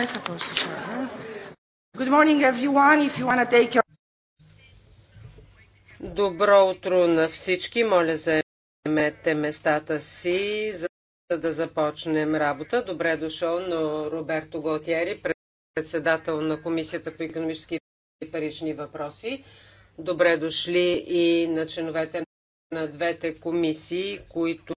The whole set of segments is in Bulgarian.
I suppose so. Good morning everyone, if you want to take your... Добро утро на всички. Моля, заемете местата си, за да започнем работа. Добре е дошъл на Роберто Голтиери, председател на Комисията по економически и парични въпроси. Добре дошли и на членовете на двете комисии, които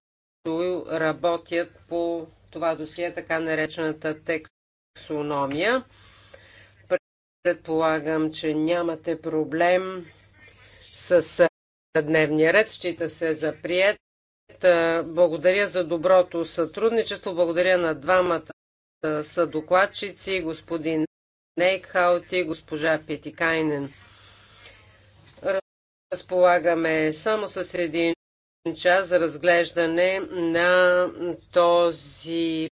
работят по това досие, така наречената текст таксономия. Предполагам, че нямате проблем с дневния ред. Счита се за прият. Благодаря за доброто сътрудничество. Благодаря на двамата съдокладчици, господин Нейкхаут и госпожа Петикайнен. Разполагаме само с един час за разглеждане на този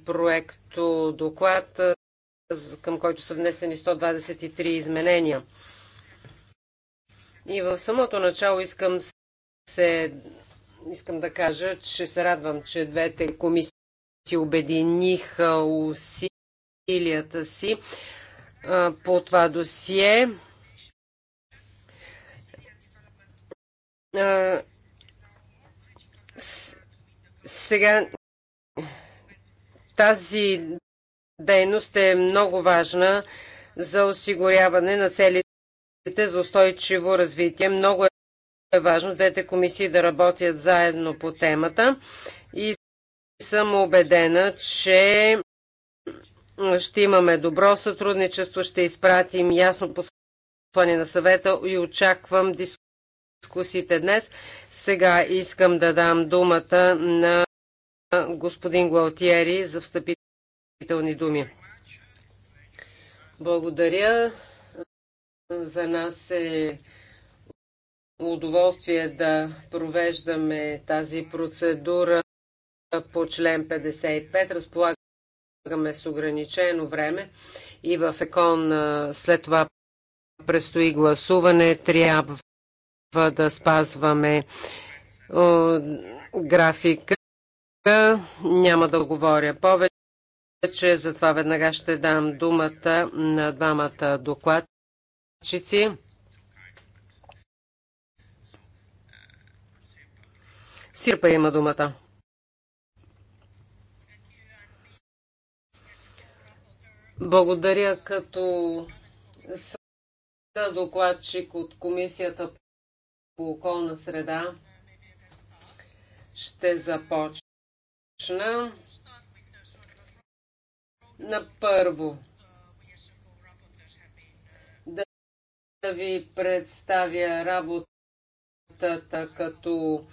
проекто доклад, към който са внесени 123 изменения. И в самото начало искам, се, искам да кажа, че се радвам, че двете комисии обединиха усилията си по това досие. Сега тази дейност е много важна за осигуряване на целите за устойчиво развитие. Много е важно двете комисии да работят заедно по темата и съм убедена, че ще имаме добро сътрудничество, ще изпратим ясно послание на съвета и очаквам дискусиите днес. Сега искам да дам думата на господин Гуалтиери за встъпителни думи. Благодаря. За нас е удоволствие да провеждаме тази процедура по член 55. Разполагаме с ограничено време и в ЕКОН след това предстои гласуване. Трябва да спазваме графика. Няма да говоря повече, затова веднага ще дам думата на двамата докладчици. Сирпа има думата. Благодаря като докладчик от Комисията по околна среда. Ще започна започна. На първо да ви представя работата като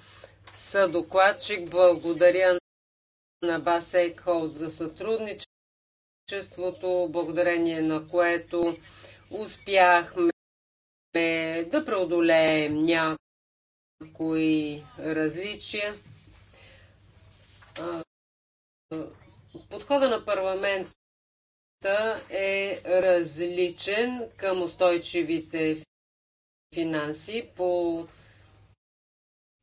съдокладчик. Благодаря на Бас Ейкхолд за сътрудничеството, благодарение на което успяхме да преодолеем някои различия подхода на парламента е различен към устойчивите финанси по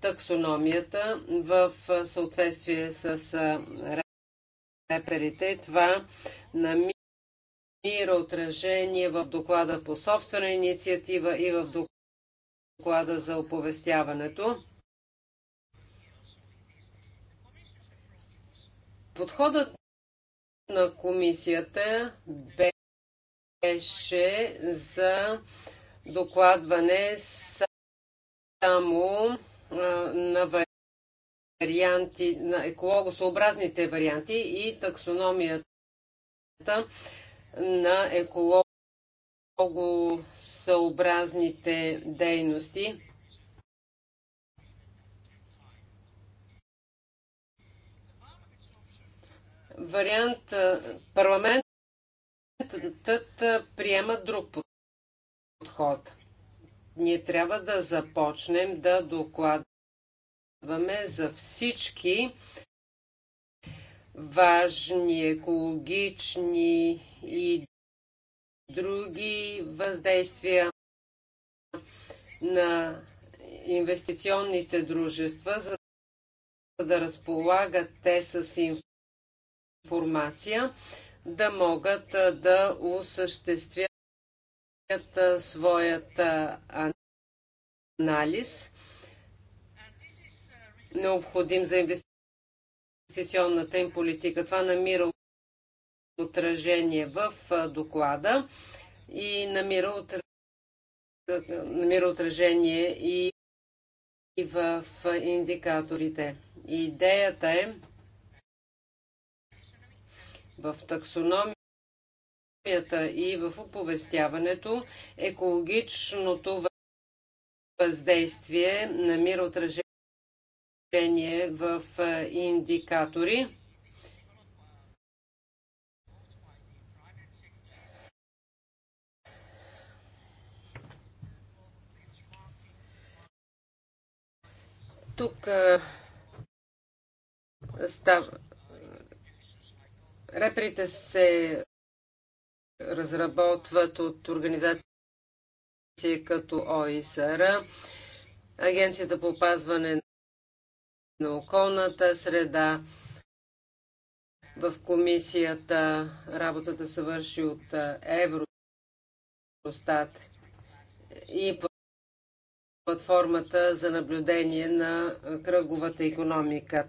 таксономията в съответствие с реперите. Това намира отражение в доклада по собствена инициатива и в доклада за оповестяването. Подходът на комисията беше за докладване само на варианти, на екологосъобразните варианти и таксономията на екологосъобразните дейности. вариант парламентът приема друг подход. Ние трябва да започнем да докладваме за всички важни екологични и други въздействия на инвестиционните дружества, за да разполагат те с информация, да могат да осъществят своят анализ, необходим за инвестиционната им политика. Това намира отражение в доклада и намира, отражение намира отражение и в индикаторите. Идеята е в таксономията и в оповестяването, екологичното въздействие намира отражение в индикатори. Тук става Реперите се разработват от организации като ОИСР, Агенцията по опазване на околната среда. В комисията работата се върши от Евростат и платформата за наблюдение на кръговата економика.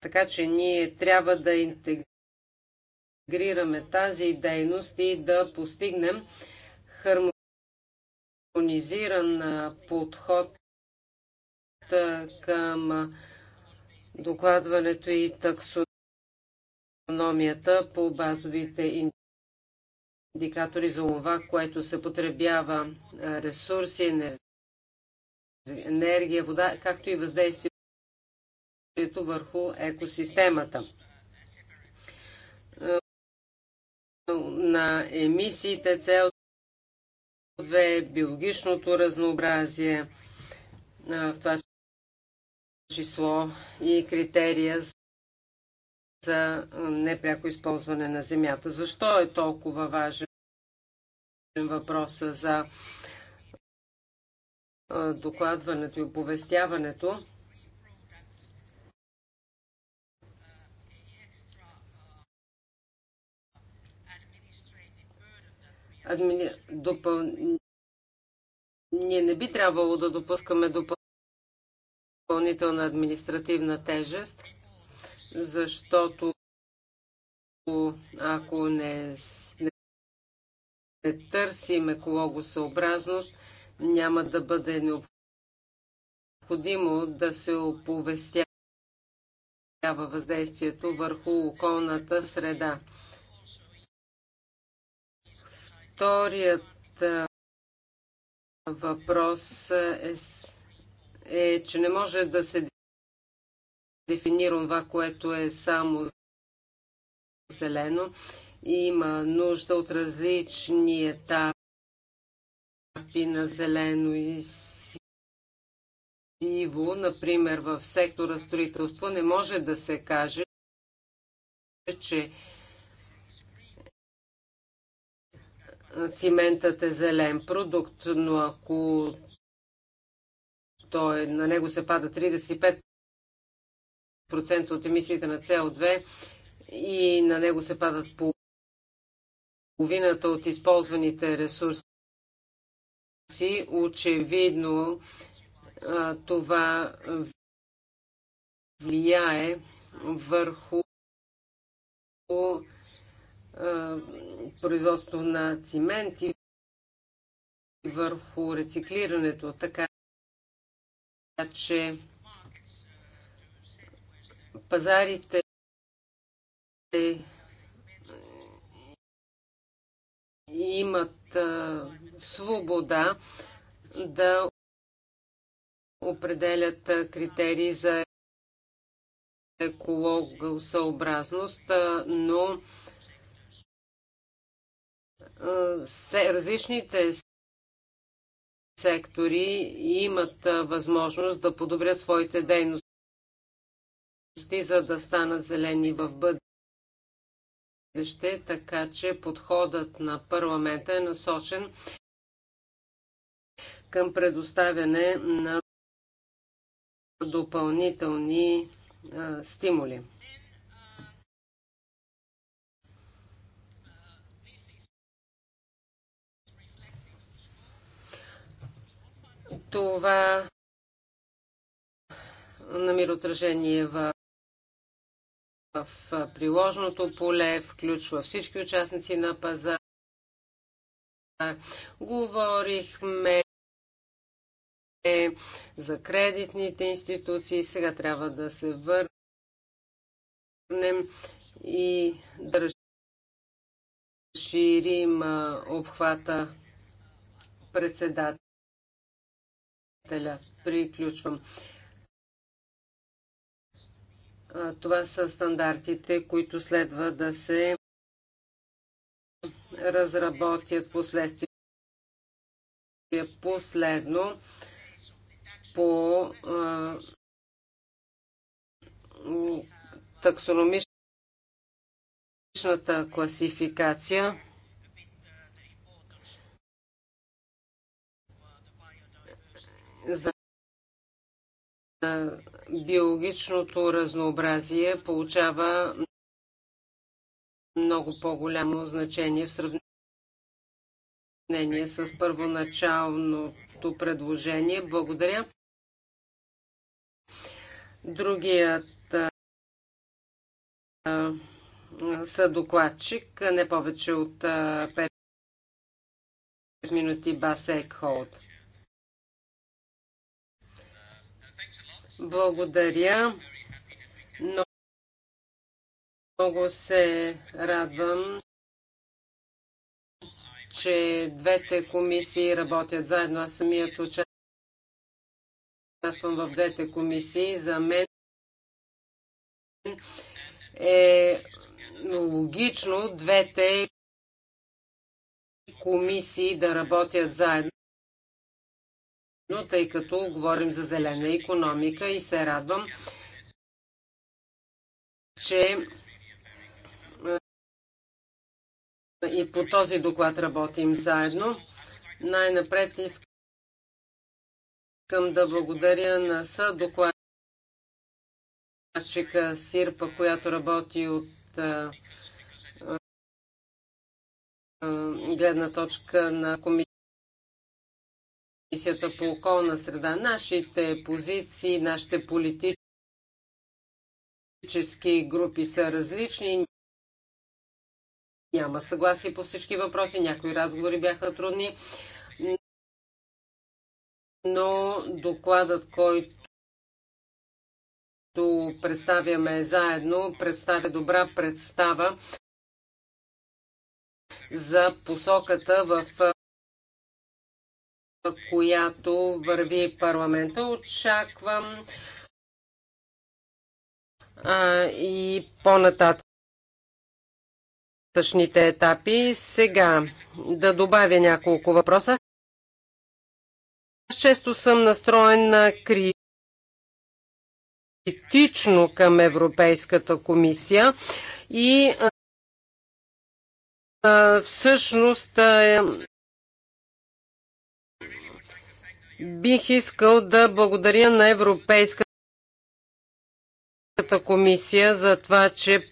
Така че ние трябва да интегрираме интегрираме тази дейност и да постигнем хармонизиран подход към докладването и таксономията по базовите индикатори за това, което се потребява ресурси, енергия, вода, както и въздействието върху екосистемата. на емисиите, co 2, биологичното разнообразие, в това число и критерия за непряко използване на земята. Защо е толкова важен въпрос за докладването и оповестяването? админи... допъл... Ние не би трябвало да допускаме допъл... допълнителна административна тежест, защото ако не, не, не търсим екологосъобразност, няма да бъде необходимо да се оповестява въздействието върху околната среда. Вторият въпрос е, е, че не може да се дефинира това, което е само зелено. Има нужда от различни етапи на зелено и сиво. Например, в сектора строителство не може да се каже, че циментът е зелен продукт, но ако той, на него се пада 35% от емисиите на CO2 и на него се падат половината от използваните ресурси, очевидно това влияе върху производство на цимент и върху рециклирането, така че пазарите имат свобода да определят критерии за екологосъобразност, но различните сектори имат възможност да подобрят своите дейности, за да станат зелени в бъдеще, така че подходът на парламента е насочен към предоставяне на допълнителни стимули. Това намира отражение в в приложното поле, включва всички участници на пазара. Говорихме за кредитните институции. Сега трябва да се върнем и да разширим обхвата председател председателя. Приключвам. Това са стандартите, които следва да се разработят в последствие. Последно по таксономичната класификация за биологичното разнообразие получава много по-голямо значение в сравнение с първоначалното предложение. Благодаря. Другият съдокладчик, не повече от 5 минути, басейк Холд. Благодаря. Много, се радвам, че двете комисии работят заедно. Аз самият участвам в двете комисии. За мен е логично двете комисии да работят заедно но тъй като говорим за зелена економика и се радвам, че е, и по този доклад работим заедно. Най-напред искам да благодаря на съдокладчика Сирпа, която работи от е, е, гледна точка на комисията Комисията по околна среда. Нашите позиции, нашите политически групи са различни. Няма съгласие по всички въпроси. Някои разговори бяха трудни. Но докладът, който представяме заедно, представя добра представа за посоката, в която върви парламента. Очаквам а, и по-нататъчните етапи. Сега да добавя няколко въпроса. Аз често съм настроен на критично към Европейската комисия и а, всъщност а, Бих искал да благодаря на Европейската комисия за това, че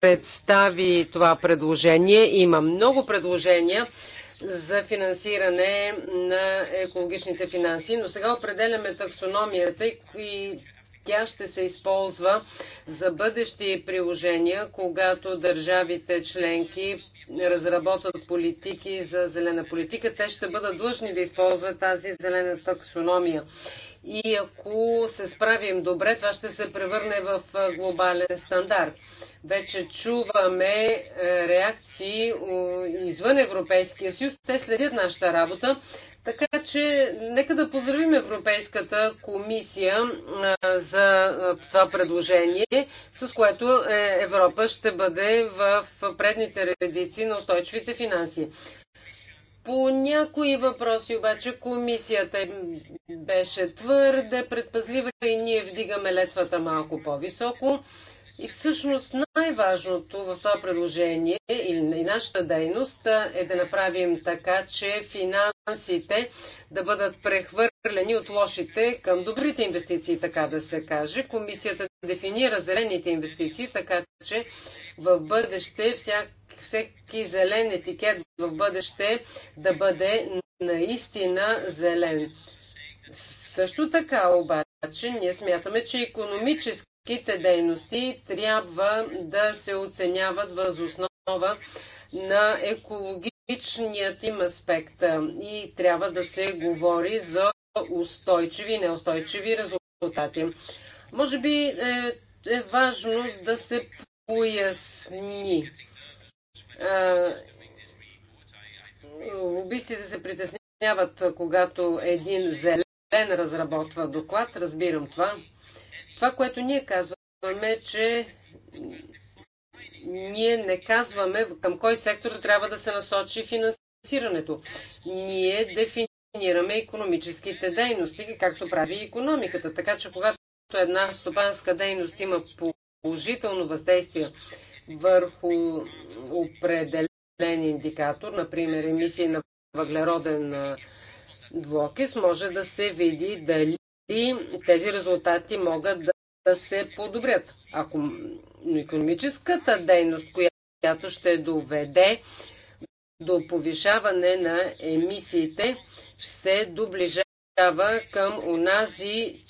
представи това предложение. Има много предложения за финансиране на екологичните финанси, но сега определяме таксономията и тя ще се използва за бъдещи приложения, когато държавите членки разработват политики за зелена политика, те ще бъдат длъжни да използват тази зелена таксономия. И ако се справим добре, това ще се превърне в глобален стандарт. Вече чуваме е, реакции извън Европейския съюз. Те следят нашата работа. Така че нека да поздравим Европейската комисия за това предложение, с което е, Европа ще бъде в предните редици на устойчивите финанси. По някои въпроси обаче комисията беше твърде предпазлива и ние вдигаме летвата малко по-високо. И всъщност най-важното в това предложение и нашата дейност е да направим така, че финансите да бъдат прехвърлени от лошите към добрите инвестиции, така да се каже. Комисията дефинира зелените инвестиции, така че в бъдеще всяк, всеки зелен етикет в бъдеще да бъде наистина зелен. Също така обаче ние смятаме, че економически всичките дейности трябва да се оценяват възоснова на екологичният им аспект и трябва да се говори за устойчиви и неустойчиви резултати. Може би е, е важно да се поясни. Е, лобистите се притесняват, когато един зелен разработва доклад. Разбирам това. Това, което ние казваме, че ние не казваме към кой сектор трябва да се насочи финансирането. Ние дефинираме економическите дейности, както прави и економиката. Така че, когато една стопанска дейност има положително въздействие върху определен индикатор, например емисии на въглероден двокис, може да се види дали и тези резултати могат да, да се подобрят. Ако но економическата дейност, която ще доведе до повишаване на емисиите, се доближава към унази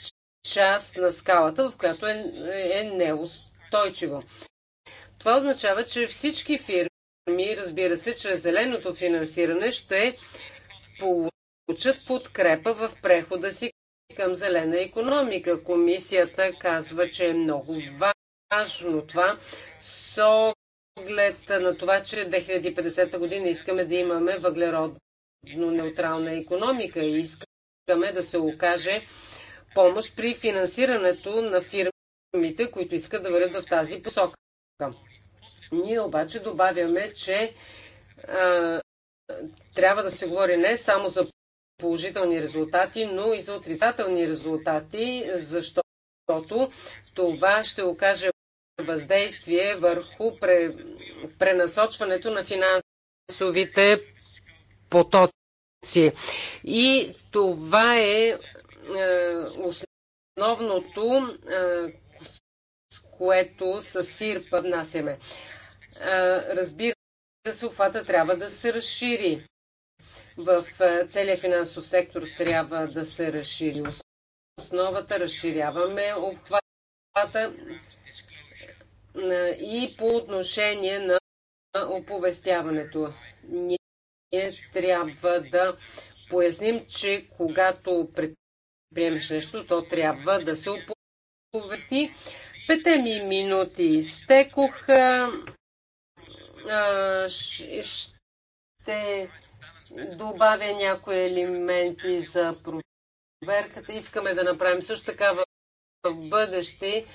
част на скалата, в която е, е неустойчиво. Това означава, че всички фирми, разбира се, чрез зеленото финансиране ще получат подкрепа в прехода си към зелена економика. Комисията казва, че е много важно това с оглед на това, че 2050 година искаме да имаме въглеродно неутрална економика и искаме да се окаже помощ при финансирането на фирмите, които искат да вървят в тази посока. Ние обаче добавяме, че а, трябва да се говори не само за положителни резултати, но и за отрицателни резултати, защото това ще окаже въздействие върху пренасочването на финансовите потоци. И това е, е основното, е, с което с сирпа внасяме. Е, разбира се, офата трябва да се разшири в е, целия финансов сектор трябва да се разшири. Основата разширяваме обхвата е, и по отношение на оповестяването. Ние трябва да поясним, че когато предприемеш нещо, то трябва да се оповести. Пете ми минути изтекоха. Е, ще добавя някои елементи за проверката. Искаме да направим също така в бъдеще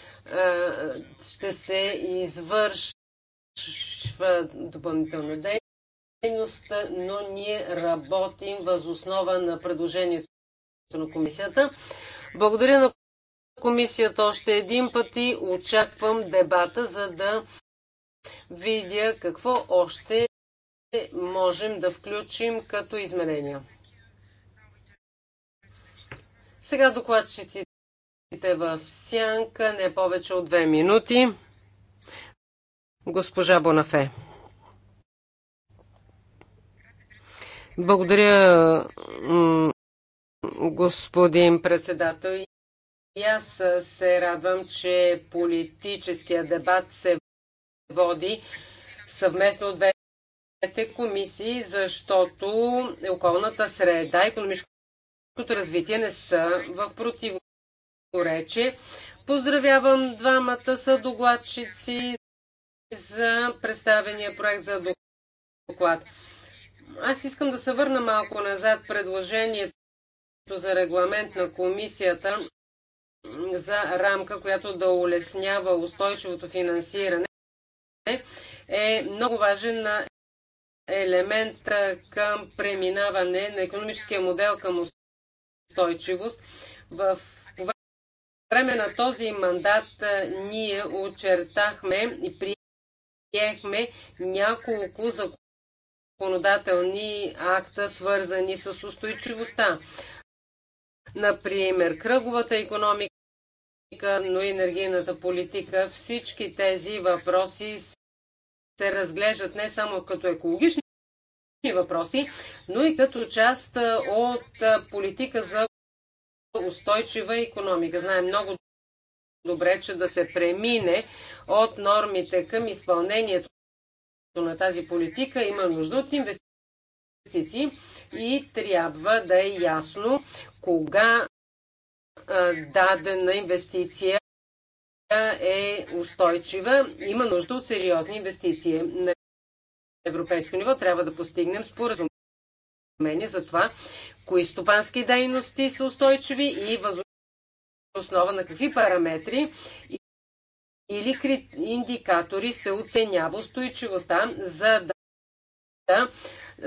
ще се извършва допълнителна дейност, но ние работим възоснова на предложението на комисията. Благодаря на комисията още един път и очаквам дебата, за да видя какво още можем да включим като изменения. Сега докладчиците в сянка, не повече от две минути. Госпожа Бонафе. Благодаря, господин председател. И аз се радвам, че политическия дебат се води съвместно от две двете комисии, защото околната среда и економическото развитие не са в противоречие. Поздравявам двамата са за представения проект за доклад. Аз искам да се върна малко назад предложението за регламент на комисията за рамка, която да улеснява устойчивото финансиране е много важен на елемент към преминаване на економическия модел към устойчивост. В време на този мандат ние очертахме и приехме няколко законодателни акта, свързани с устойчивостта. Например, кръговата економика, но и енергийната политика. Всички тези въпроси се разглеждат не само като екологични въпроси, но и като част от политика за устойчива економика. Знаем много добре, че да се премине от нормите към изпълнението на тази политика има нужда от инвестиции и трябва да е ясно кога дадена инвестиция е устойчива, има нужда от сериозни инвестиции. На европейско ниво трябва да постигнем споразумение за това, кои стопански дейности са устойчиви и основа на какви параметри или индикатори се оценява устойчивостта, за да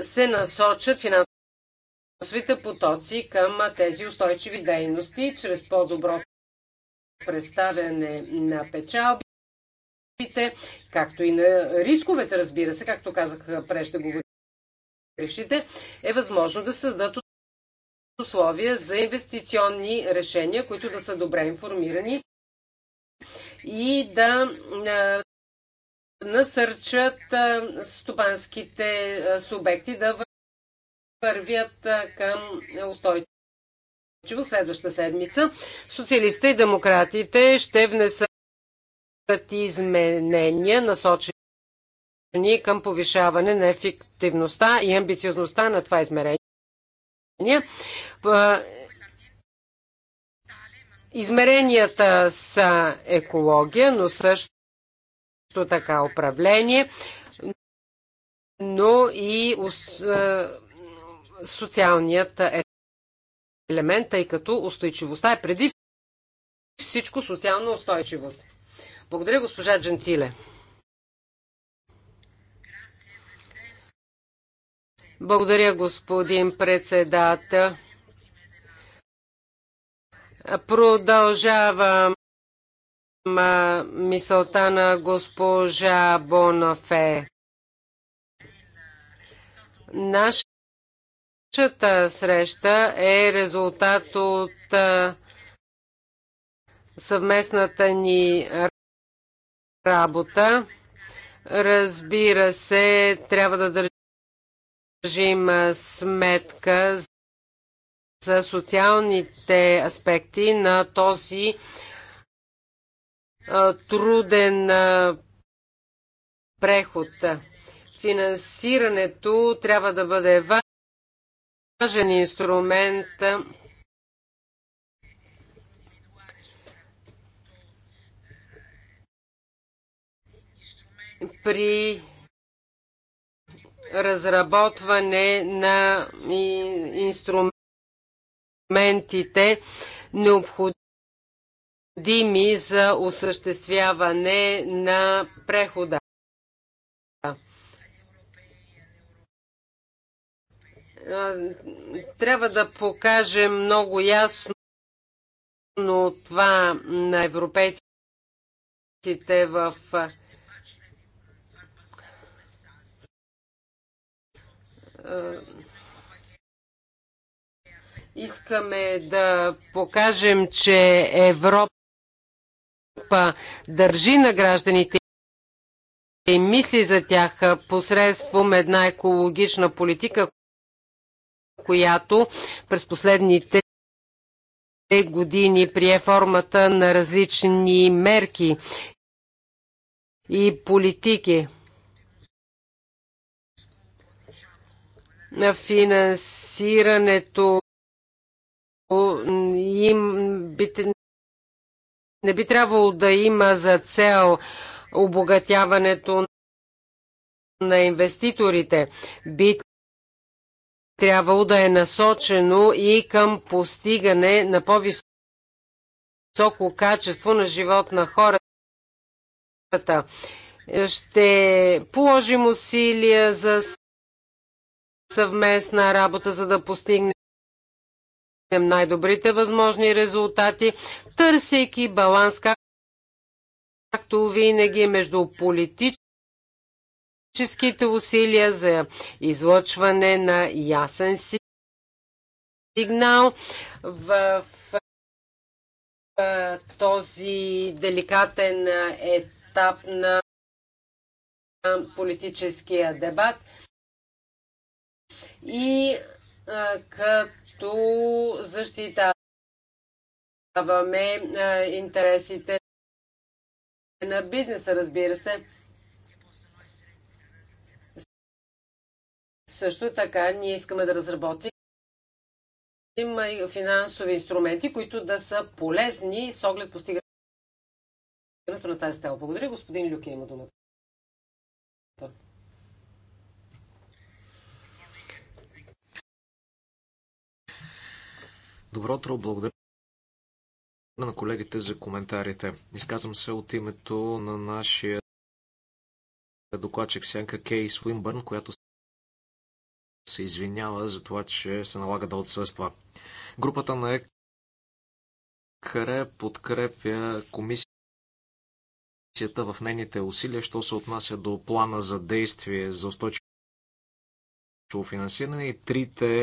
се насочат финансовите потоци към тези устойчиви дейности чрез по-доброто представяне на печалбите, както и на рисковете, разбира се, както казах преждеговорившите, е възможно да създадат условия за инвестиционни решения, които да са добре информирани и да насърчат стопанските субекти да вървят към устойчиво следващата седмица социалистите и демократите ще внесат изменения, насочени към повишаване на ефективността и амбициозността на това измерение. Измеренията са екология, но също така управление, но и социалният елемент, тъй като устойчивостта е преди всичко социална устойчивост. Благодаря, госпожа Джентиле. Благодаря, господин председател. Продължавам мисълта на госпожа Бонафе. Наш Нашата среща е резултат от съвместната ни работа. Разбира се, трябва да държим сметка за социалните аспекти на този труден преход. Финансирането трябва да бъде важно важен инструмент при разработване на инструментите, необходими за осъществяване на прехода. трябва да покажем много ясно това на европейците в Искаме да покажем, че Европа държи на гражданите и мисли за тях посредством една екологична политика, която през последните години прие формата на различни мерки и политики. На финансирането им не би трябвало да има за цел обогатяването на инвеститорите. Би трябвало да е насочено и към постигане на по-високо качество на живот на хората. Ще положим усилия за съвместна работа, за да постигнем най-добрите възможни резултати, търсейки баланс, както винаги, между политически политическите усилия за излъчване на ясен сигнал в този деликатен етап на политическия дебат и като защитаваме интересите на бизнеса, разбира се. Също така ние искаме да разработим Има финансови инструменти, които да са полезни с оглед постигането на тази цел. Благодаря, господин Люке има думата. Добро утро, благодаря на колегите за коментарите. Изказвам се от името на нашия докладчик Сянка Кей Свинбърн, която се извинява за това, че се налага да отсъства. Групата на ЕКР подкрепя комисията в нейните усилия, що се отнася до плана за действие за устойчиво финансиране и трите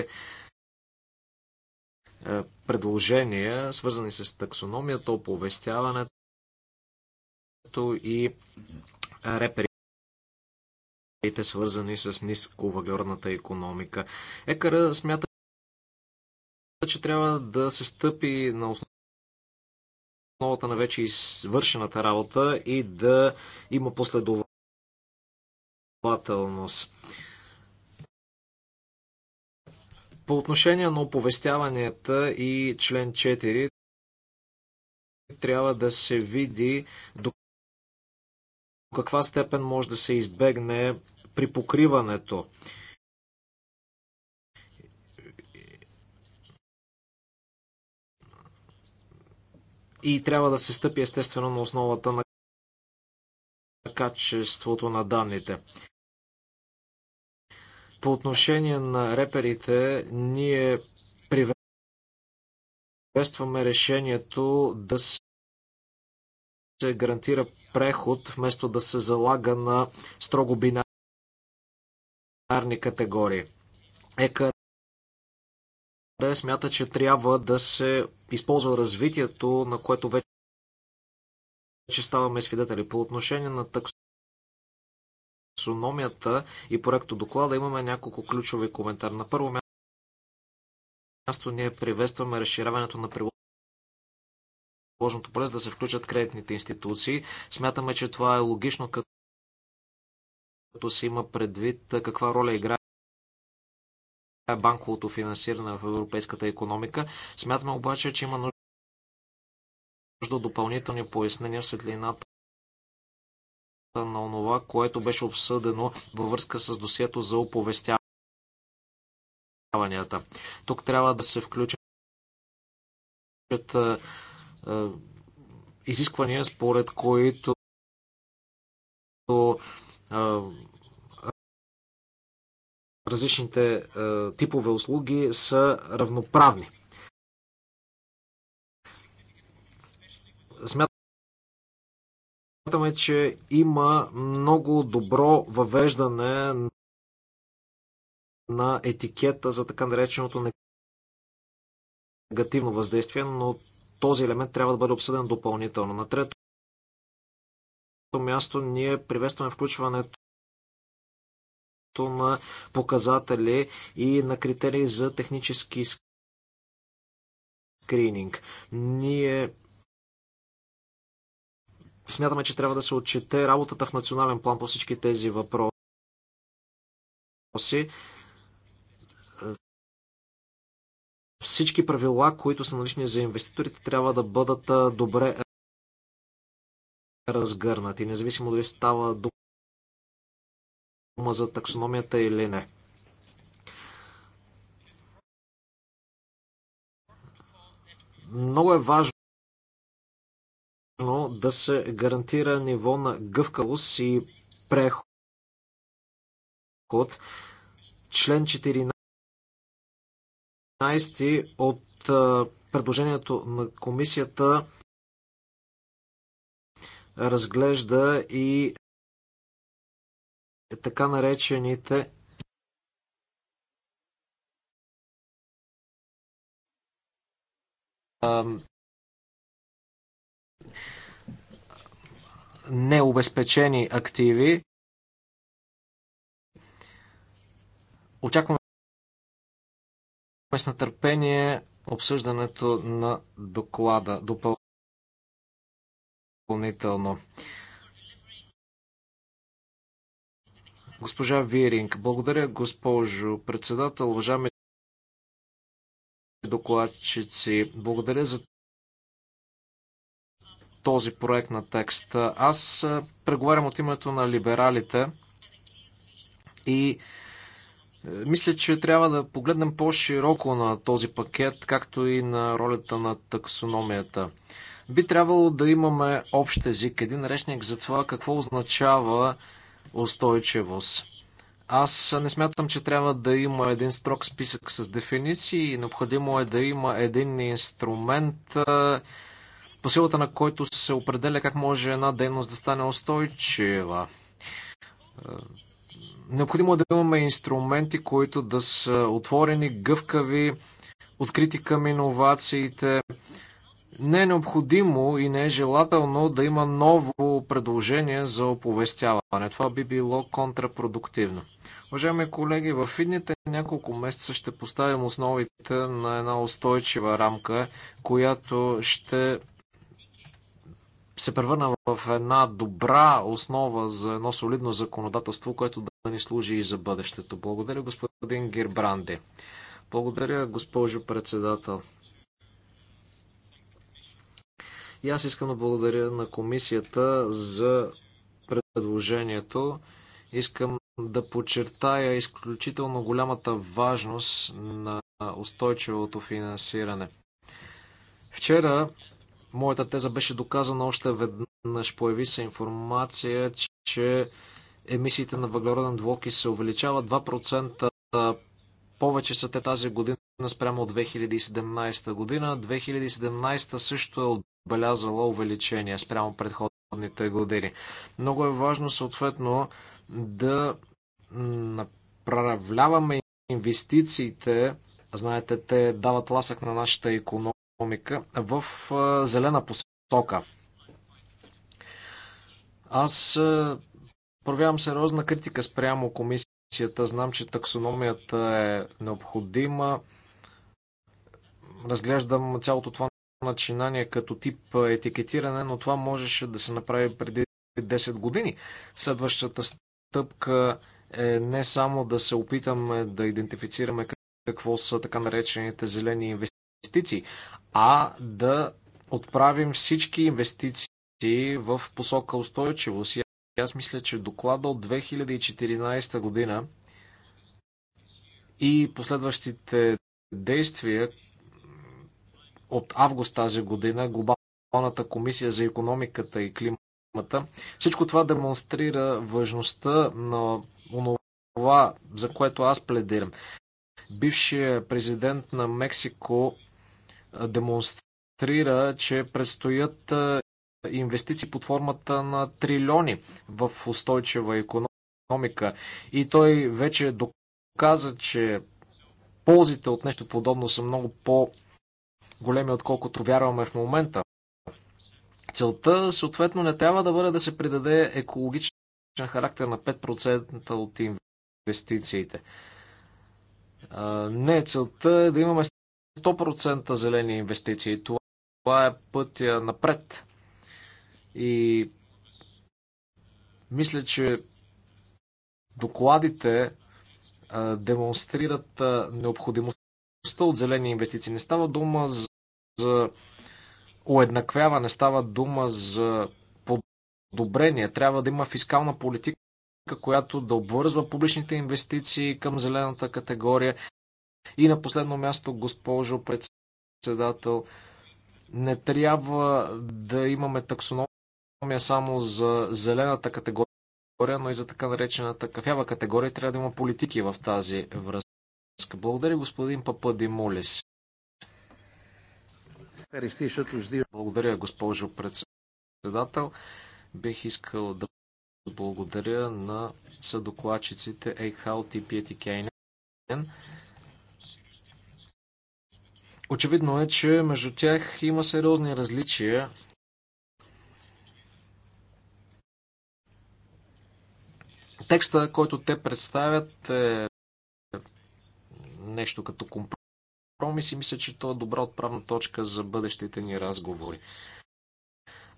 е, предложения, свързани с таксономията, оповестяването и репери целите, свързани с нисковъглеродната економика. Екара смята, че трябва да се стъпи на основата на вече извършената работа и да има последователност. По отношение на оповестяванията и член 4, трябва да се види до каква степен може да се избегне при покриването. И трябва да се стъпи естествено на основата на качеството на данните. По отношение на реперите, ние приветстваме решението да се се гарантира преход, вместо да се залага на строго бинарни категории. ЕКА смята, че трябва да се използва развитието, на което вече че ставаме свидетели. По отношение на таксономията и проекто доклада имаме няколко ключови коментар. На първо място ние приветстваме разширяването на приложението приложното през да се включат кредитните институции. Смятаме, че това е логично, като се има предвид каква роля играе банковото финансиране в европейската економика. Смятаме обаче, че има нужда нужда допълнителни пояснения в светлината на онова, което беше обсъдено във връзка с досието за оповестяванията. Тук трябва да се включат е, изисквания, според които е, различните е, типове услуги са равноправни. Смятаме, че има много добро въвеждане на етикета за така нареченото негативно въздействие, но този елемент трябва да бъде обсъден допълнително. На трето място ние приветстваме включването на показатели и на критерии за технически скрининг. Ние смятаме, че трябва да се отчете работата в национален план по всички тези въпроси. Всички правила, които са налични за инвеститорите, трябва да бъдат добре разгърнати, независимо дали става дума за таксономията или не. Много е важно да се гарантира ниво на гъвкавост и преход. Член 14 15 от предложението на комисията разглежда и така наречените необезпечени активи. Очакваме с нетърпение обсъждането на доклада допълнително. Госпожа Виринг, благодаря госпожо председател, уважаеми докладчици, благодаря за този проект на текст. Аз преговарям от името на либералите и е, мисля, че трябва да погледнем по-широко на този пакет, както и на ролята на таксономията. Би трябвало да имаме общ език, един речник за това какво означава устойчивост. Аз не смятам, че трябва да има един строг списък с дефиниции. Необходимо е да има един инструмент, е, по силата на който се определя как може една дейност да стане устойчива. Е, Необходимо е да имаме инструменти, които да са отворени, гъвкави, открити към иновациите. Не е необходимо и не е желателно да има ново предложение за оповестяване. Това би било контрапродуктивно. Уважаеми колеги, в идните няколко месеца ще поставим основите на една устойчива рамка, която ще се превърна в една добра основа за едно солидно законодателство, което да ни служи и за бъдещето. Благодаря, господин Гирбранди. Благодаря, госпожо председател. И аз искам да благодаря на комисията за предложението. Искам да подчертая изключително голямата важност на устойчивото финансиране. Вчера Моята теза беше доказана още веднъж. Появи се информация, че емисиите на въглероден двоки се увеличават 2% повече са те тази година спрямо от 2017 година. 2017 също е отбелязала увеличение спрямо предходните години. Много е важно съответно да направляваме инвестициите. Знаете, те дават ласък на нашата економика економика в зелена посока. Аз проявявам сериозна критика спрямо комисията. Знам, че таксономията е необходима. Разглеждам цялото това начинание като тип етикетиране, но това можеше да се направи преди 10 години. Следващата стъпка е не само да се опитаме да идентифицираме какво са така наречените зелени инвестиции, а да отправим всички инвестиции в посока устойчивост. И аз мисля, че доклада от 2014 година и последващите действия от август тази година, Глобалната комисия за економиката и климата, всичко това демонстрира важността на това, за което аз пледирам. Бившият президент на Мексико демонстрира, че предстоят инвестиции под формата на трилиони в устойчива економика. И той вече доказа, че ползите от нещо подобно са много по-големи, отколкото вярваме в момента. Целта, съответно, не трябва да бъде да се придаде екологичен характер на 5% от инвестициите. Не, целта е да имаме 100% зелени инвестиции. Това е пътя напред. И мисля, че докладите демонстрират необходимостта от зелени инвестиции. Не става дума за уеднаквяване, става дума за подобрение. Трябва да има фискална политика, която да обвързва публичните инвестиции към зелената категория. И на последно място, госпожо председател, не трябва да имаме таксономия само за зелената категория, но и за така наречената кафява категория. Трябва да има политики в тази връзка. Благодаря, господин Молис. Благодаря, госпожо председател. Бих искал да благодаря на съдокладчиците Ейхаут и Пиети Кейнен Очевидно е, че между тях има сериозни различия. Текста, който те представят е нещо като компромис и мисля, че то е добра отправна точка за бъдещите ни разговори.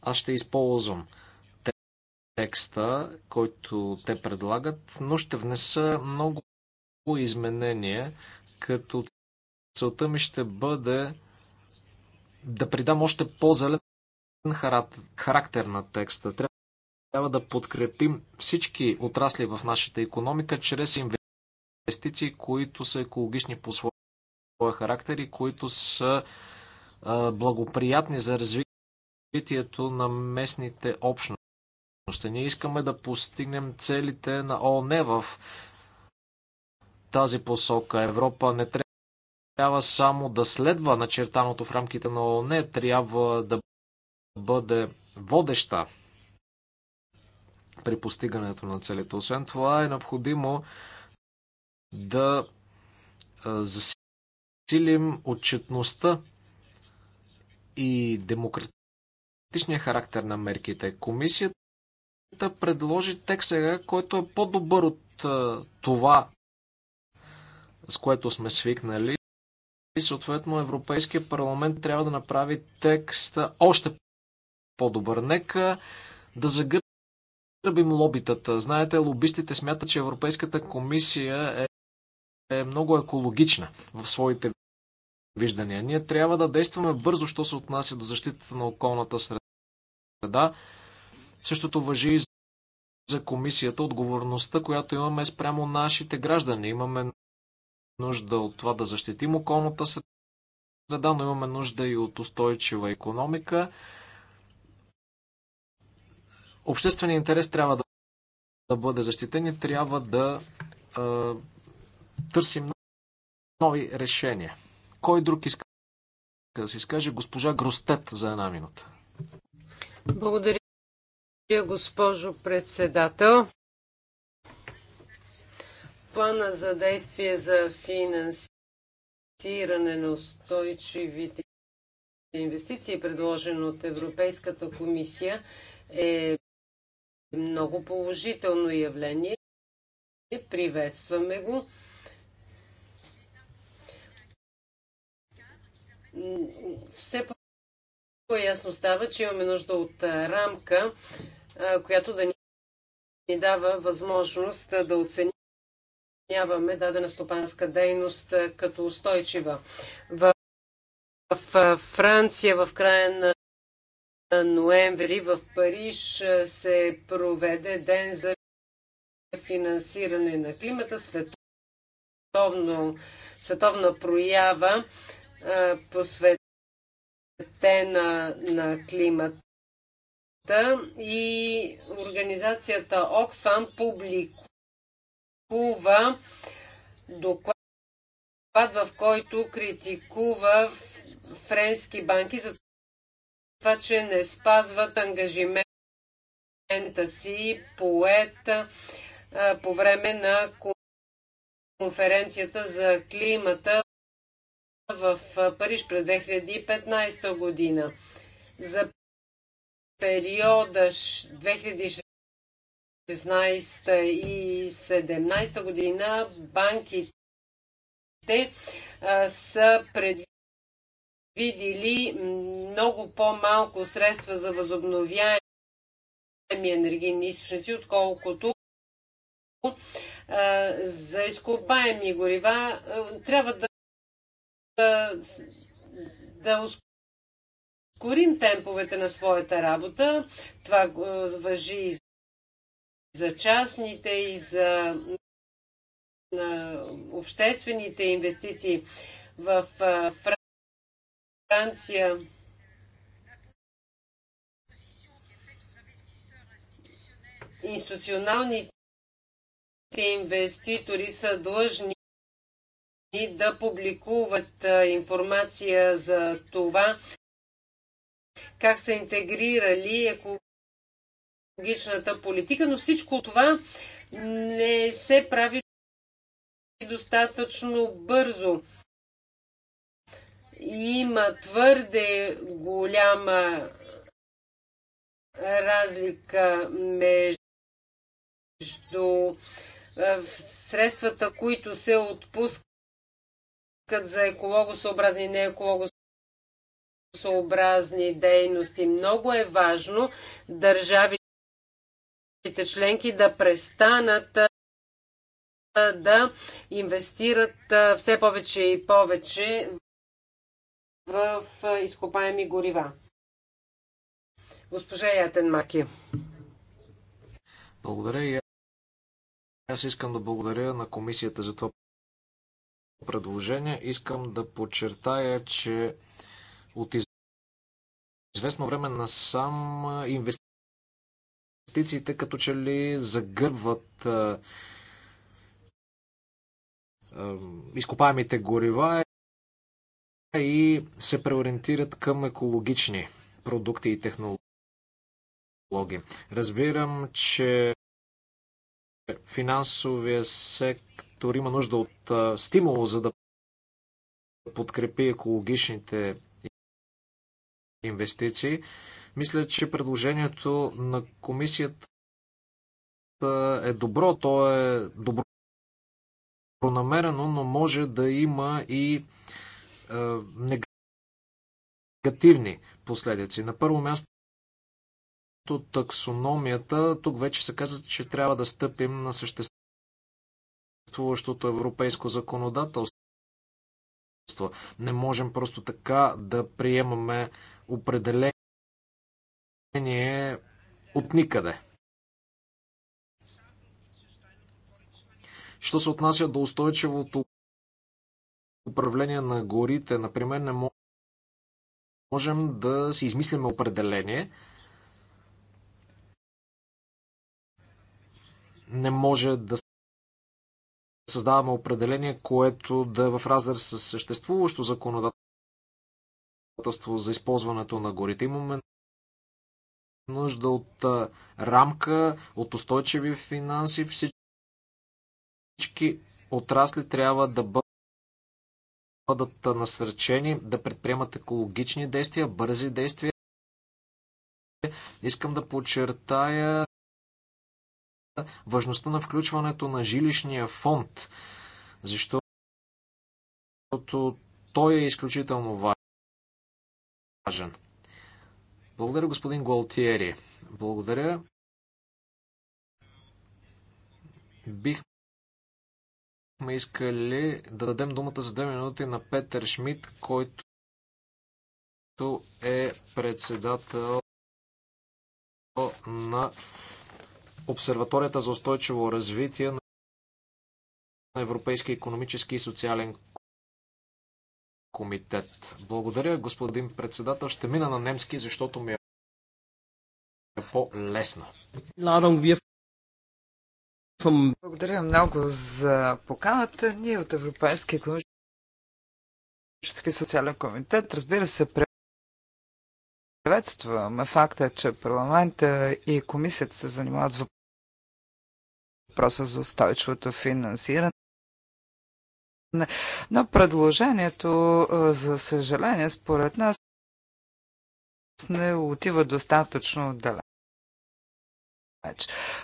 Аз ще използвам текста, който те предлагат, но ще внеса много изменения, като целта ми ще бъде да придам още по-зелен характер на текста. Трябва да подкрепим всички отрасли в нашата економика чрез инвестиции, които са екологични по своя характер и които са благоприятни за развитието на местните общности. Ние искаме да постигнем целите на ООН в тази посока. Европа не трябва трябва само да следва начертаното в рамките на ООН, трябва да бъде водеща при постигането на целите. Освен това е необходимо да засилим отчетността и демократичния характер на мерките. Комисията предложи текст сега, който е по-добър от това, с което сме свикнали и съответно Европейския парламент трябва да направи текста още по-добър. Нека да загърбим лобитата. Знаете, лобистите смятат, че Европейската комисия е, е много екологична в своите виждания. Ние трябва да действаме бързо, що се отнася до защитата на околната среда. Същото въжи и за комисията. Отговорността, която имаме спрямо нашите граждани. Имаме нужда от това да защитим околната среда, но имаме нужда и от устойчива економика. Общественият интерес трябва да, да бъде защитен и трябва да а, търсим нови решения. Кой друг иска да се изкаже? Госпожа Гростет за една минута. Благодаря, госпожо председател плана за действие за финансиране на устойчивите инвестиции, предложен от Европейската комисия, е много положително явление. Приветстваме го. Все по-ясно става, че имаме нужда от рамка, която да ни дава възможност да оценим оценяваме дадена стопанска дейност като устойчива. В, в Франция в края на ноември в Париж се проведе ден за финансиране на климата, световно, световна проява, посветена на климата и организацията Оксфам публикува критикува доклад, в който критикува френски банки за това, че не спазват ангажимента си поет по време на конференцията за климата в Париж през 2015 година. За периода 2016 16 и 17 година банките са предвидили много по-малко средства за възобновяеми енергийни източници, отколкото за изкопаеми горива. трябва да, да, да ускорим темповете на своята работа. Това въжи и за за частните и за обществените инвестиции в Франция. Институционалните инвеститори са длъжни да публикуват информация за това, как са интегрирали екологичната политика, но всичко това не се прави достатъчно бързо. Има твърде голяма разлика между е, средствата, които се отпускат за екологосъобразни и неекологосъобразни дейности. Много е важно държавите членки да престанат да инвестират все повече и повече в изкопаеми горива. Госпожа Ятен Маки. Благодаря и аз искам да благодаря на комисията за това предложение. Искам да подчертая, че от известно време насам инвестициите инвестициите като че ли загърбват изкопаемите горива и се преориентират към екологични продукти и технологии. Разбирам, че финансовия сектор има нужда от стимул, за да подкрепи екологичните инвестиции. Мисля, че предложението на комисията е добро, то е добро намерено, но може да има и е, негативни последици. На първо място таксономията, тук вече се казва, че трябва да стъпим на съществуващото европейско законодателство. Не можем просто така да приемаме определени мнение от никъде. Що се отнася до устойчивото управление на горите, например, не можем да си измислиме определение. Не може да създаваме определение, което да е в разрез с съществуващо законодателство за използването на горите. Имаме нужда от рамка, от устойчиви финанси. Всички отрасли трябва да бъдат насърчени да предприемат екологични действия, бързи действия. Искам да подчертая важността на включването на жилищния фонд, защото той е изключително важен. Благодаря, господин Голтиери. Благодаря. Бихме искали да дадем думата за две минути на Петър Шмидт, който е председател на Обсерваторията за устойчиво развитие на Европейския економически и социален комитет. Благодаря, господин председател. Ще мина на немски, защото ми е по-лесно. Благодаря много за поканата. Ние от Европейския економически социален комитет, разбира се, приветстваме факта, че парламента и комисията се занимават с въпроса за устойчивото финансиране но предложението, за съжаление, според нас не отива достатъчно далеч.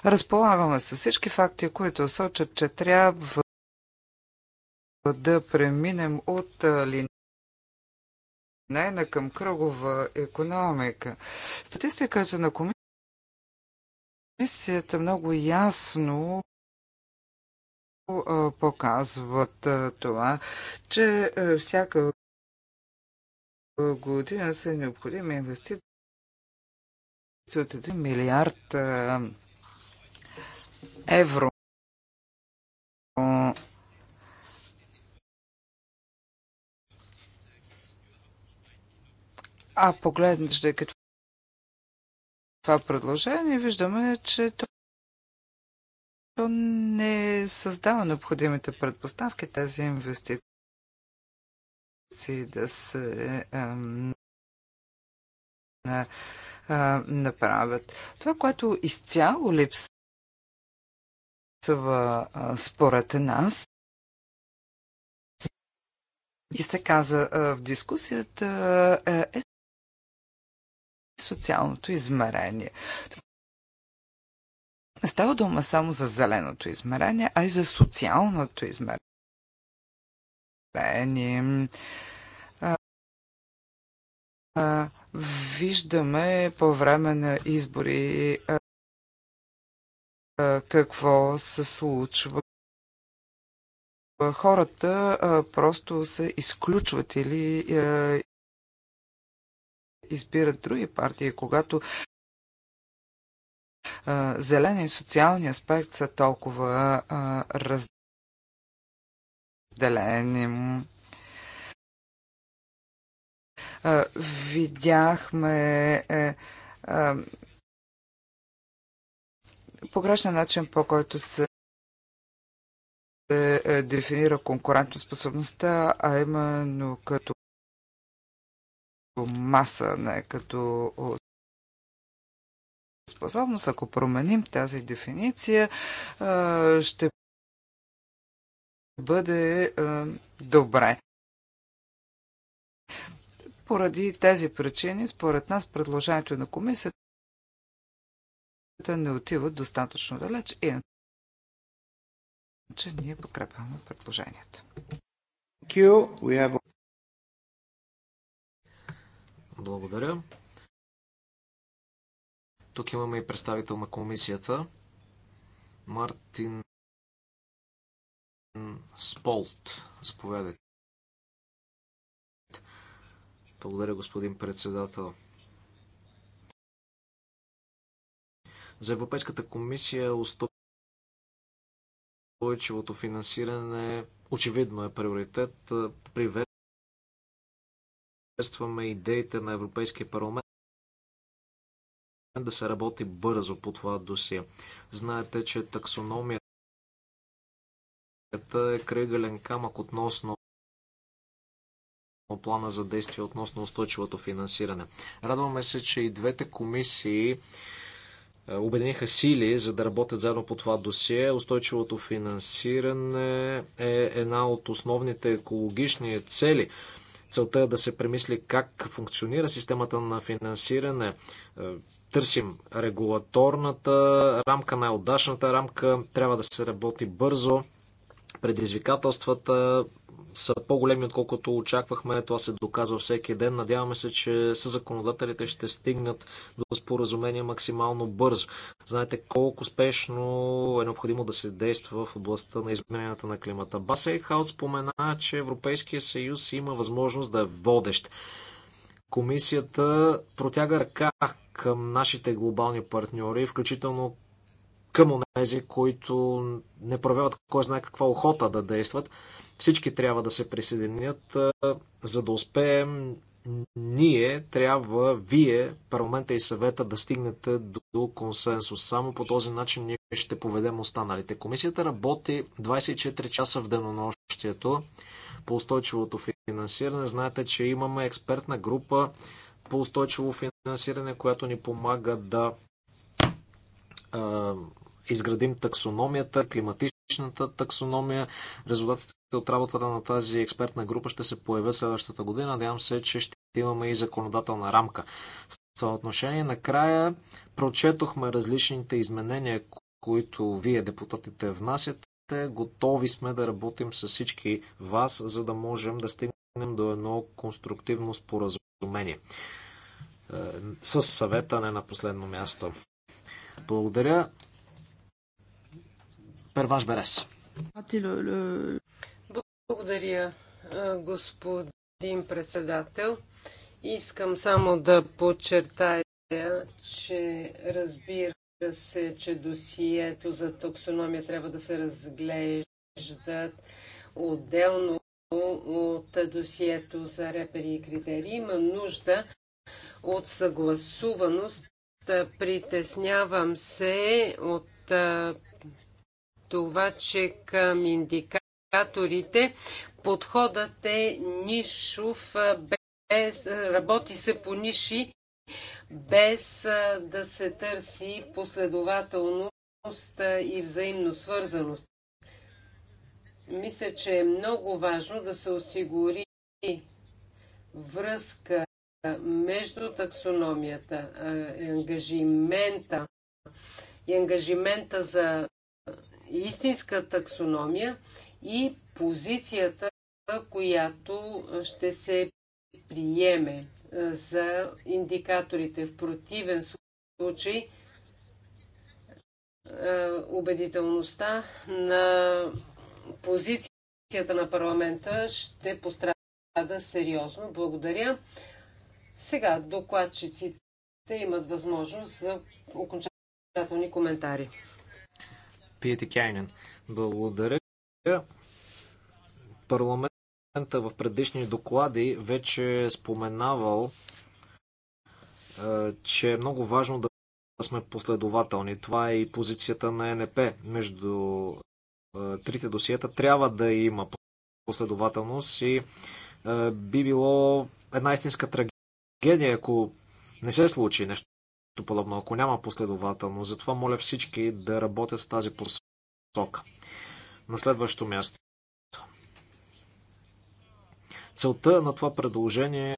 Разполагаме с всички факти, които сочат, че трябва да преминем от линейна към кръгова економика. Статистиката на комисията много ясно показват това, че всяка година са необходими инвестиции от 1 милиард евро. А погледнеш като това предложение, виждаме, че то то не създава необходимите предпоставки тези инвестиции да се ем, а, направят. Това, което изцяло липсва според нас, и се каза в дискусията, е, е социалното измерение. Не става дума само за зеленото измерение, а и за социалното измерение. виждаме по време на избори какво се случва. Хората просто се изключват или избират други партии, когато зеления и социалния аспект са толкова разделени. Видяхме е, погрешен начин, по който се е, е, дефинира конкурентоспособността, а именно като маса, не като способност, ако променим тази дефиниция, ще бъде добре. Поради тези причини, според нас, предложението на комисията не отива достатъчно далеч и че ние подкрепяме предложението. Благодаря. Тук имаме и представител на комисията. Мартин Сполт. Заповядайте. Благодаря, господин председател. За Европейската комисия устойчивото финансиране очевидно е приоритет. Приветстваме идеите на Европейския парламент да се работи бързо по това досие. Знаете, че таксономията е кръгален камък относно плана за действие относно устойчивото финансиране. Радваме се, че и двете комисии е, обединиха сили, за да работят заедно по това досие. Устойчивото финансиране е една от основните екологични цели. Целта е да се премисли как функционира системата на финансиране, е, търсим регулаторната рамка, най-удачната рамка, трябва да се работи бързо. Предизвикателствата са по-големи, отколкото очаквахме. Това се доказва всеки ден. Надяваме се, че с законодателите ще стигнат до споразумение максимално бързо. Знаете колко спешно е необходимо да се действа в областта на измененията на климата. Басейхаут спомена, че Европейския съюз има възможност да е водещ Комисията протяга ръка към нашите глобални партньори, включително към тези, които не проявяват кой знае каква охота да действат. Всички трябва да се присъединят, за да успеем ние трябва, вие, парламента и съвета да стигнете до консенсус. Само по този начин ние ще поведем останалите. Комисията работи 24 часа в денонощието по устойчивото финансиране. Знаете, че имаме експертна група по устойчиво финансиране, която ни помага да а, изградим таксономията, климатичната таксономия. Резултатите от работата на тази експертна група ще се появят следващата година. Надявам се, че ще имаме и законодателна рамка. В това отношение накрая прочетохме различните изменения, които вие, депутатите, внасяте сте, Готови сме да работим с всички вас, за да можем да стигнем до едно конструктивно споразумение. Е, с съвета не на последно място. Благодаря. Перваш Берес. Благодаря, е, господин председател. Искам само да подчертая, че разбира се, че досието за таксономия трябва да се разглеждат отделно от досието за репери и критерии. Има нужда от съгласуваност. Притеснявам се от това, че към индикаторите подходът е нишов, без, работи се по ниши без да се търси последователност и взаимно свързаност. Мисля, че е много важно да се осигури връзка между таксономията, ангажимента и ангажимента за истинска таксономия и позицията, която ще се приеме за индикаторите. В противен случай е, убедителността на позицията на парламента ще пострада сериозно. Благодаря. Сега докладчиците имат възможност за окончателни коментари. Пиете Кайнен. Благодаря. Парламент в предишни доклади вече е споменавал, е, че е много важно да сме последователни. Това е и позицията на НП. Между е, трите досиета трябва да има последователност и е, би било една истинска трагедия, ако не се случи нещо подобно, ако няма последователно, Затова моля всички да работят в тази посока. На следващо място. Целта на това предложение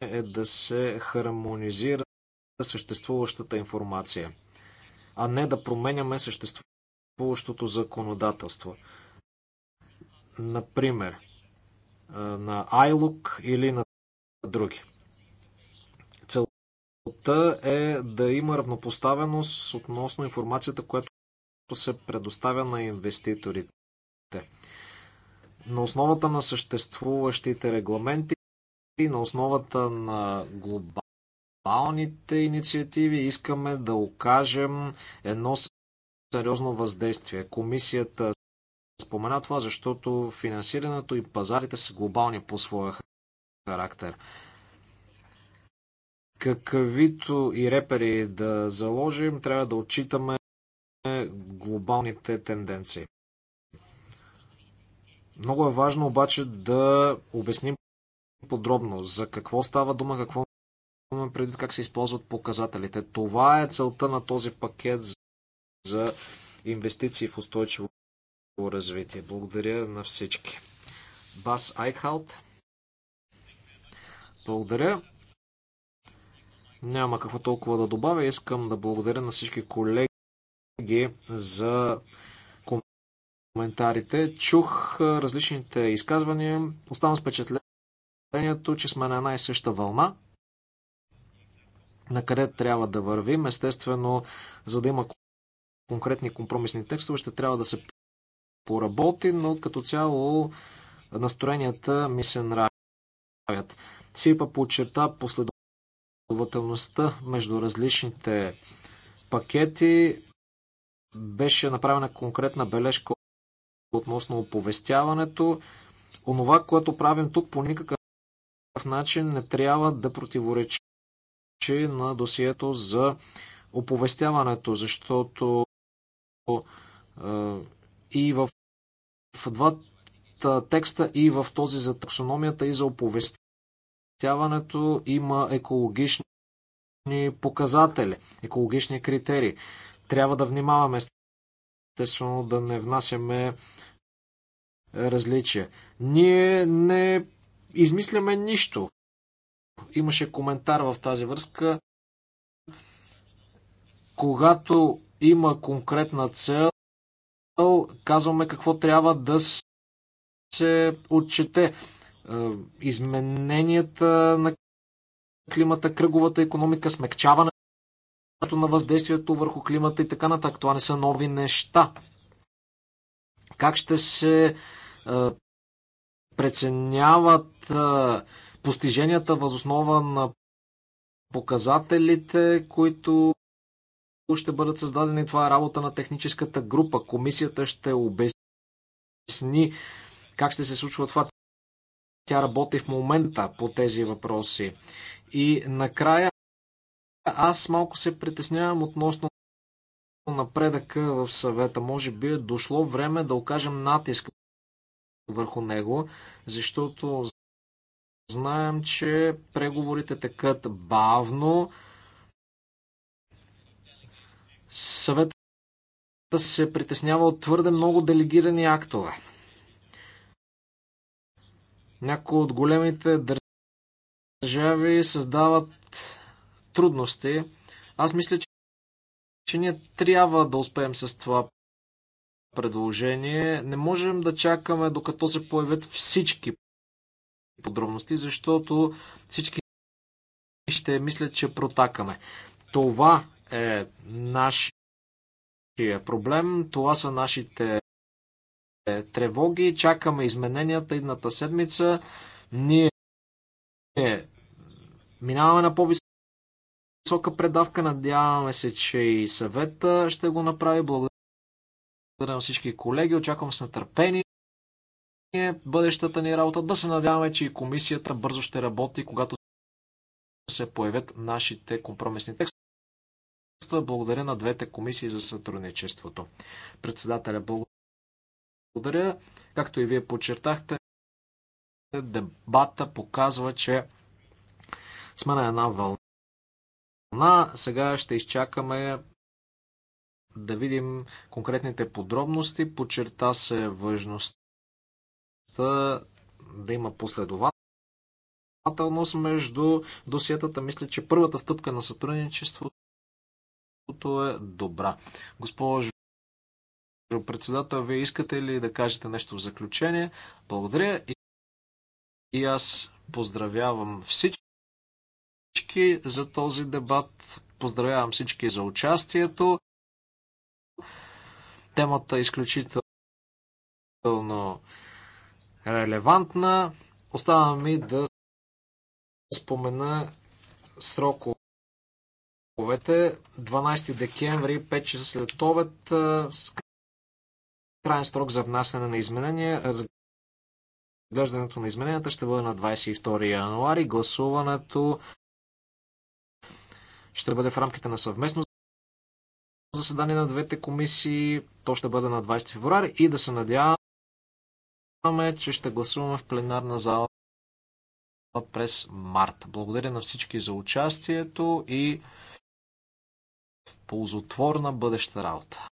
е да се хармонизира съществуващата информация, а не да променяме съществуващото законодателство. Например, на iLook или на други. Целта е да има равнопоставеност относно информацията, която се предоставя на инвеститорите на основата на съществуващите регламенти и на основата на глобалните инициативи искаме да окажем едно сериозно въздействие. Комисията спомена това, защото финансирането и пазарите са глобални по своя характер. Каквито и репери да заложим, трябва да отчитаме глобалните тенденции. Много е важно обаче да обясним подробно за какво става дума, какво имаме предвид, как се използват показателите. Това е целта на този пакет за инвестиции в устойчиво развитие. Благодаря на всички. Бас Айхалт. Благодаря. Няма какво толкова да добавя. Искам да благодаря на всички колеги за коментарите. Чух различните изказвания. Оставам с впечатлението, че сме на една и съща вълна. На къде трябва да вървим? Естествено, за да има конкретни компромисни текстове, ще трябва да се поработи, но като цяло настроенията ми се нравят. Сипа подчерта последователността между различните пакети. Беше направена конкретна бележка относно оповестяването. Онова, което правим тук по никакъв начин не трябва да противоречи на досието за оповестяването, защото и в, двата текста, и в този за таксономията, и за оповестяването има екологични показатели, екологични критерии. Трябва да внимаваме с естествено да не внасяме различия. Ние не измисляме нищо. Имаше коментар в тази връзка. Когато има конкретна цел, казваме какво трябва да се отчете. Е, измененията на климата, кръговата економика, смекчаване на въздействието върху климата и така нататък. Това не са нови неща. Как ще се е, преценяват е, постиженията възоснова на показателите, които ще бъдат създадени. Това е работа на техническата група. Комисията ще обясни как ще се случва това. Тя работи в момента по тези въпроси. И накрая аз малко се притеснявам относно напредъка в съвета. Може би е дошло време да окажем натиск върху него, защото знаем, че преговорите текат бавно. Съветът се притеснява от твърде много делегирани актове. Някои от големите държави създават трудности. Аз мисля, че ние трябва да успеем с това предложение. Не можем да чакаме докато се появят всички подробности, защото всички ще мислят, че протакаме. Това е нашия проблем, това са нашите тревоги, чакаме измененията едната седмица, ние минаваме на по висока предавка. Надяваме се, че и съвета ще го направи. Благодаря на всички колеги. Очаквам с нетърпение бъдещата ни работа. Да се надяваме, че и комисията бързо ще работи, когато се появят нашите компромисни текстове. Благодаря на двете комисии за сътрудничеството. Председателя, благодаря. Както и вие подчертахте, дебата показва, че сме на една вълна. Но Сега ще изчакаме да видим конкретните подробности. Почерта се важността да има последователност между досиетата. Мисля, че първата стъпка на сътрудничеството е добра. Госпожо председател, вие искате ли да кажете нещо в заключение? Благодаря и аз поздравявам всички всички за този дебат. Поздравявам всички за участието. Темата е изключително релевантна. Остава ми да спомена сроковете. 12 декември, 5 часа след обед, крайен срок за внасяне на изменения. Разглеждането на измененията ще бъде на 22 януари. Гласуването ще бъде в рамките на съвместно заседание на двете комисии. То ще бъде на 20 февруари и да се надяваме, че ще гласуваме в пленарна зала през март. Благодаря на всички за участието и ползотворна бъдеща работа.